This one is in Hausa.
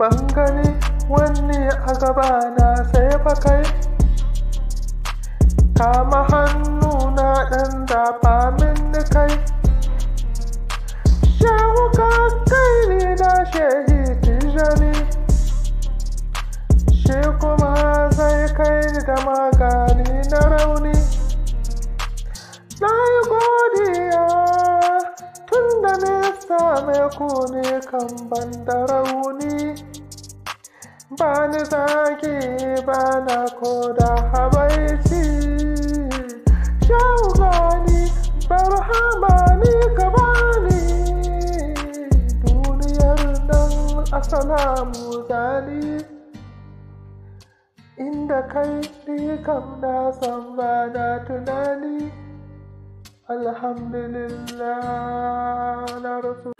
ban gani wanne a gaba na sai fa kai kama hannu na ɗan zafa min kai shehu ka kai ne na shehi tijani shi kuma zai kai da magani na rauni na yi godiya tun da nesa mai ku ne kan banda rauni ba ni zaki ba na ko da habaici shawu gani barhama ni ka bani duniyar nan asalamu zali inda kai ni kam na san ba na tunani alhamdulillah na rasu